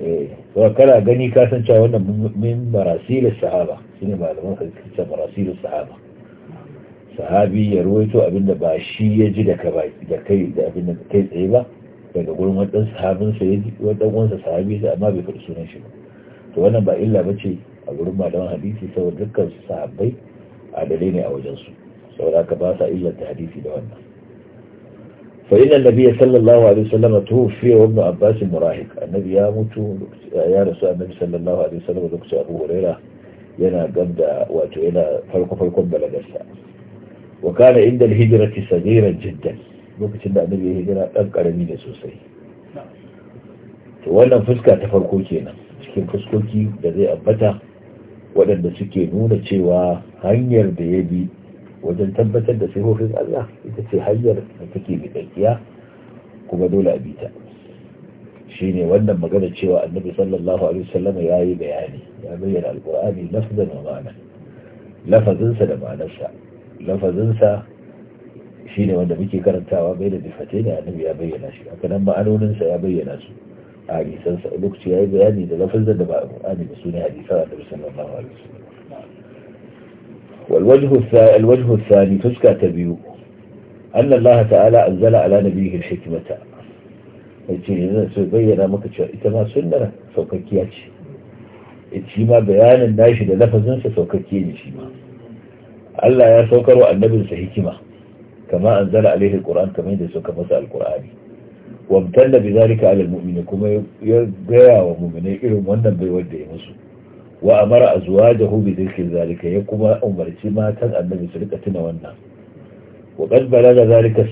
eh to kana gani ka san cewa wannan min barasil sahaba shine malaman hadisi ta barasil sahaba sahabi ya ruwaito abinda ba shi ya ji da kai da abinda kai tsaye ba daga gurin wadansu sahabinsa ya ji wadansu sahabi amma bai faɗi sunan shi ba to wannan ba illa ba ce a gurin malaman hadisi saboda dukkan su sahabbai adalai ne a wajensu saboda haka ba sa illanta hadisi da wannan fa inna nabiyya sallallahu alaihi wasallam tuwfiya wa ibn abbas murahiq annabi ya mutu ya rasu annabi sallallahu alaihi wasallam lokacin abu huraira yana gabda wato yana farko farkon balagarsa wa kana inda al-hijrati saghiran jiddan lokacin da annabi ya hijira dan karami ne sosai to wannan fuska ta farko kenan cikin fuskoki da zai ambata waɗanda suke nuna cewa hanyar da ya bi wajen tabbatar da sifofin Allah ita ce hanyar da take bidakkiya kuma dole a bita Shi ne wannan magana cewa annabi sallallahu alaihi wasallam ya yi bayani ya bayyana alqur'ani lafzan wa ma'ana lafazinsa da ma'anarsa lafazinsa shine wanda muke karantawa bai da difate da annabi ya bayyana shi haka nan ma'anoninsa ya bayyana su a hadisansa a lokaci ya yi bayani da lafazar da ba a Qur'ani ba sune hadisan Annabi sallallahu alaihi wasallam والوجه الثاني الوجه الثاني تسكى تبيو أن الله تعالى أنزل على نبيه الحكمة يتيجينا سبينا مكتشا إتما سنة سوككياتش إتشيما بيان الناشد لفظا سوككياتش الله يا سوكر وأن نبنس حكمة كما أنزل عليه القرآن كما يدسوك مساء القرآن wamtalla bi zalika ala almu'mini kuma ya gaya wa muminai irin wannan bai wanda ya musu wa amara azwajahu bi dhikri zalika ya kuma umarci matan annabi su rika tuna wannan wa qad balaga zalika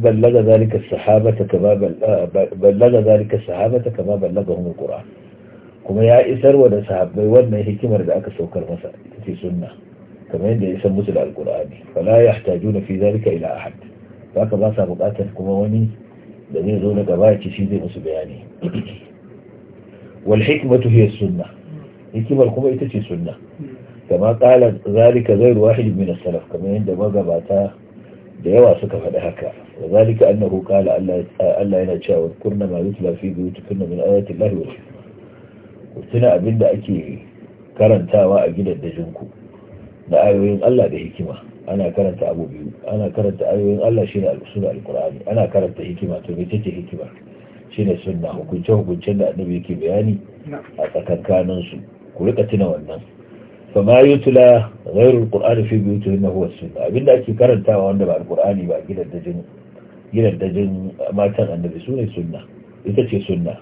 balaga zalika sahabata kama balaga ah, zalika sahabata kuma ya isar wa da sahabbai wannan hikimar da aka saukar masa ita ce sunna kamar yadda ya san musu da alqurani fala yahtajuna fi zalika ila ahad haka ba sa bukatar kuma wani da zai zo na gaba ya ci shi zai musu bayani wal hikmatu hiya sunna hikimar kuma ita ce sunna kama kala zalika zai wahid min as kamar yadda magabata da yawa suka faɗi haka wa zalika annahu kala Allah yana cewa kunna ma yutla fi buyutikunna min ayati Allah wa hikma ku tuna abinda ake karantawa a gidan dajinku da ayoyin Allah da hikima ana karanta abu biyu ana karanta ayoyin Allah shine al-usul al-Qur'ani ana karanta hikima to me take hikima shine sunna hukunce hukuncen da annabi yake bayani a tsakankanin su ku rika tuna wannan fa ma yutla ghayr al-Qur'ani fi buyutihinna huwa sunna abinda ake karantawa wanda ba al-Qur'ani ba gidan dajin gidan dajin matan annabi sune sunna ita ce sunna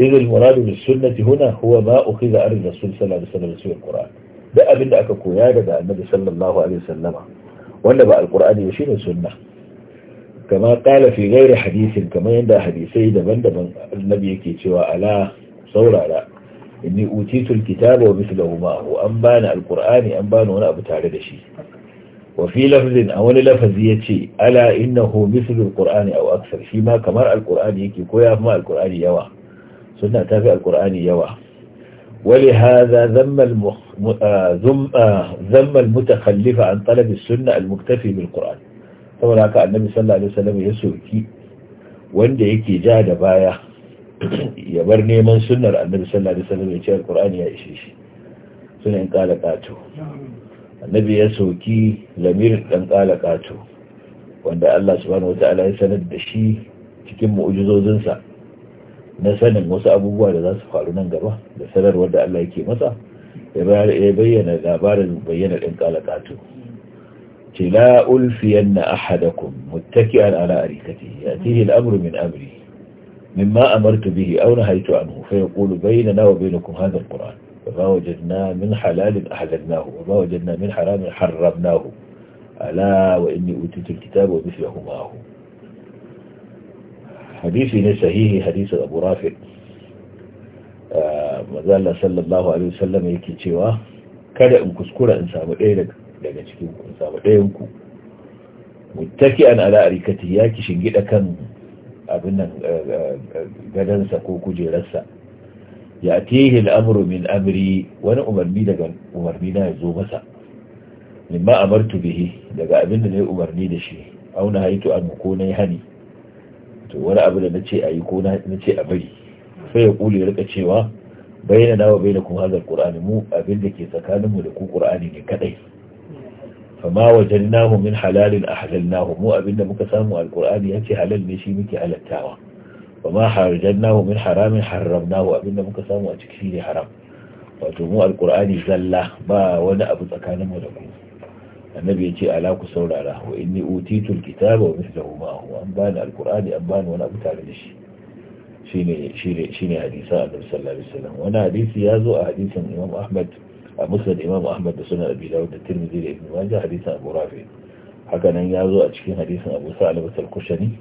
إذا المراد بالسنة هنا هو ما أخذ عن الرسول صلى الله عليه وسلم في القرآن duk abin da aka koya daga annabi sallallahu alaihi wasallama wanda ba alqur'ani ba shine sunna kama qala fi ghairi hadithin kamar yadda hadisai daban-daban annabi yake cewa ala saurara inni utitul kitaba wa mithluhu ma'ahu an bani alqur'ani an bani wani abu tare da shi wa fi lafzin a wani lafazi yace ala innahu mithlu alqur'ani aw akthar shi ma kamar alqur'ani yake koya ma alqur'ani yawa sunna ta fi alqur'ani yawa ولهذا ذم ذم المتخلف عن طلب السنة المكتفي بالقرآن ثم لك النبي صلى الله عليه وسلم يسوكي wanda yake ja da baya ya bar neman sunnar annabi sallallahu alaihi wasallam ya ce alqur'ani ya ishe shi suna in kala kato annabi ya soki lamir dan kala kato wanda Allah subhanahu wataala ya sanar da shi cikin mu'jizozin na sanin wasu abubuwa da za su faru nan gaba da sanarwar da Allah yake masa ya bayyana labarin bayyana ɗin ƙalaƙatu ce la ulfiyan na ahadakum muttaki'an ala arikati ya tihi al'amru min amri mimma amartu bihi aw nahaytu anhu fa yaqulu bainana wa bainakum hadha al-quran فما وجدنا من حلال min وما وجدنا من حرام حرمناه ألا وإني أوتيت wa ومثله ma'ahu hadisi ne sahihi hadisin abu rafi mazalla sallallahu alaihi wasallam yake cewa kada in kuskura in samu ɗaya daga cikin in samu ɗayan muttaki an ala arikati ya ki shingida kan abin ko kujerarsa ya tihi al'amru min amri wani umarni daga umarni na ya zo masa mimma amartu bihi daga abin da na yi umarni da shi auna haitu an ko na yi hani to wani abu da na ce a yi ko na ce a bari sai ya kuli rika cewa bayyana nawa da kuma hazar qur'ani mu abinda ke tsakaninmu da ku ƙur'ani ne kadai fama namu min halalin a ahlalnahu mu abinda muka samu alqur'ani ya ce halal ne shi muke halattawa fama harjannahu min haramin haram nahu abinda muka samu a ciki ne haram wato mu alqur'ani zalla ba wani abu tsakaninmu da ku annabi ya ce ala ku saurara wa inni utitul kitaba wa mithluhu ma'ahu an bani alqur'ani an bani wani abu tare da shi shine shine shine hadisi annabi sallallahu alaihi wasallam wani hadisi ya zo a hadisin imam ahmad a musnad imam ahmad da sunan abi dawud da tirmidhi da ibn majah hadisin abu rafi haka nan ya zo a cikin hadisin abu sa'lab al-kushani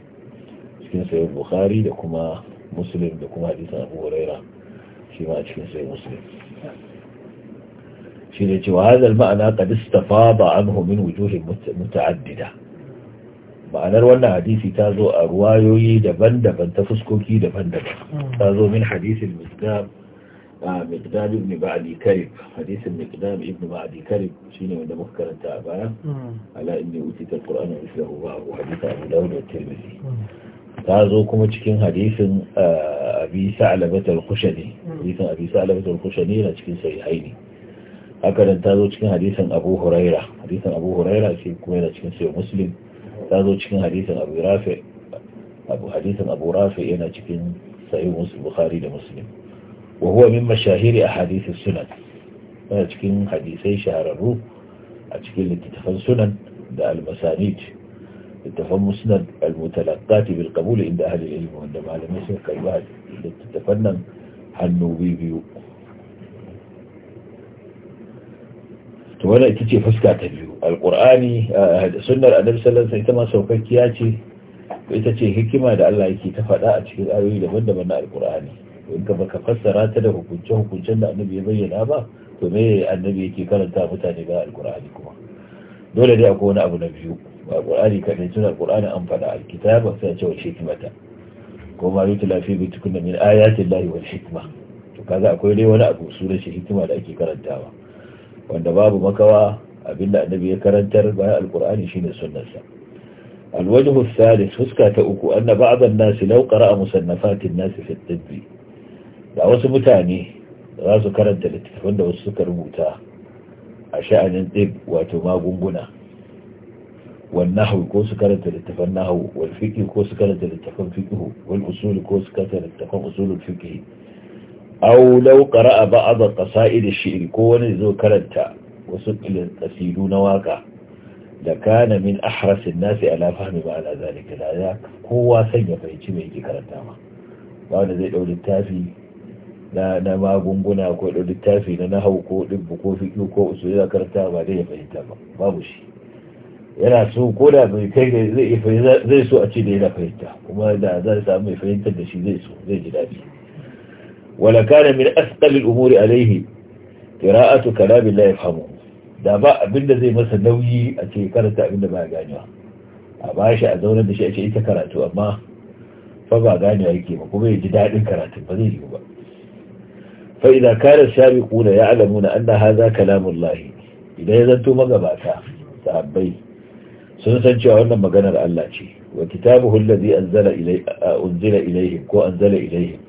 cikin sahih bukhari da kuma muslim da kuma hadisin abu huraira shi ma a cikin sahih muslim shi ne ce ma'ana kadistafa fa ba an homin wujuhin mutu'addida ma'anar wannan hadisi ta zo a ruwayoyi daban-daban ta fuskoki daban-daban ta zo min hadisin mizdam a mizdam hadisin mizdam ibn ba'adi karib wanda muka karanta a baya hmm. ala inda wuce ta ƙur'an a isra ruwa a hadisa abu daular tirmidhi ta zo kuma cikin hadisin abi sa'alabatar kushani hmm. hadisin abi sa'alabatar kushani na cikin sahihaini haka nan ta zo cikin hadisin abu huraira hadisin abu huraira ce kuma yana cikin sayo muslim ta zo cikin hadisin abu rafi abu hadisin abu rafi yana cikin sayo muslim bukhari da muslim wa huwa min mashahiri a hadisin sunan yana cikin hadisai shahararru a cikin littattafan sunan da almasanid littattafan musnad almutalaqati bil qabul inda ahli ilmi wanda malamai sun karba littattafan nan hannu biyu to wani ita ce fuska ta biyu alkur'ani eh, sunnar annabi sallallahu sai ta ita saukakkiya ce ita ce hikima da Allah yake ta faɗa a cikin ayoyi daban-daban na alqur'ani in ka baka fassara ta da hukunce hukuncen da annabi ya bayyana ba to me annabi yake karanta mutane ga alkur'ani kuma dole dai akwai wani abu na biyu ba alqur'ani kaɗai tun alkur'ani an faɗa alkitaba sai a ce wa ta. ko ma tilafi fi tukuna min ayati llahi wal hikma to kaga akwai dai wani abu su da hikima da ake karantawa wanda babu makawa abinda annabi ya karantar bayan alkur'ani shine sunnarsa الوجه الثالث فسكة أكو أن بعض الناس لو قرأ مصنفات الناس في الطب da wasu mutane za su karanta littattafan da wasu suka rubuta a sha'anin ɗib wato magunguna wannan ko su karanta littattafan nahu wal fiƙi ko su karanta littattafan fiƙihu ko su karanta littattafan aw law qara'a ga qasaid ash shi ko wani zo karanta wasu qasidu na waka da kana min ahras an-nas ala fahmi ma'ana zalika da ya kowa san fahimci me yake karanta ma ba wanda zai ɗau littafi na magunguna ko dau littafi na nahwu ko dibbu ko fiqh ko usul ya karanta ba zai fahimta ba babu shi yana so ko da mai kai da zai so a ce da yana fahimta kuma da zai samu mai fahimtar da shi zai so zai ji daɗi wala kana min asqalil umuri alayhi qira'atu kalamin la da ba abinda zai masa nauyi a ce karanta abinda ba ganewa a shi a zaunar da shi a ce ita karatu amma fa ba ganewa yake ba kuma ya ji daɗin karatu ba zai yi ba fa idan alamu na Allah anna hadha kalamullahi idan ya zanto magabata sahabbai sun san cewa wannan maganar Allah ce wa kitabu allazi anzala ilay unzila ilayhim ko anzala ilayhim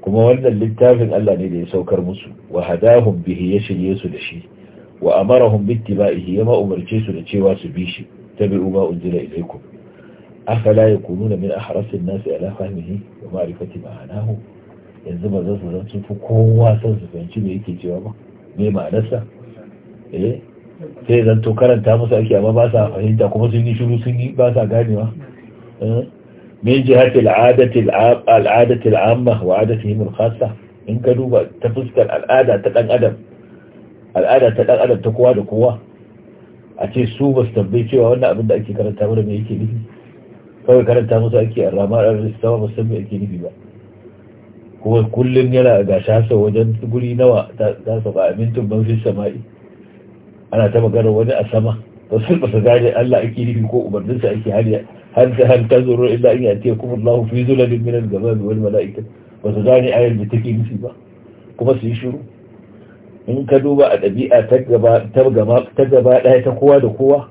kuma wannan littafin Allah ne da ya saukar musu wa hadahum bihi ya shirye su da shi wa amarahum bittiba'ihi ya ma umarce su da cewa su bi shi tabi'u ma unzila ilaykum afala yakununa min ahrasi an-nas ala fahmihi wa ma'rifati ma'anahu yanzu ba za su zan sun fi kowa san su fahimci me yake cewa ba me ma'anarsa eh sai zan to karanta musu ake amma ba sa fahimta kuma sun yi shiru sun yi ba sa ganewa eh min jihatil adati al'adati al'amma wa adatihim al-khassa in ka duba ta fuskar al'ada ta dan adam ta kowa da kowa a ce su ba tambayi cewa wannan abin da ake karanta mana me yake nufi kawai karanta musu ake arama da ristawa ba san yake nufi ba kuma kullum yana ga shasa wajen guri nawa ta saba amintun ban sama'i ana ta maganar wani a sama wasu gane Allah ake nufi ko umarninsa ake hali har ta har ta zoro illa in yati kuma Allah fi zulalin min al-ghamam wani mala'ika ba su gane ayar da take nufi ba kuma su yi shiru in ka duba a ɗabi'a ta ta gaba ɗaya ta kowa da kowa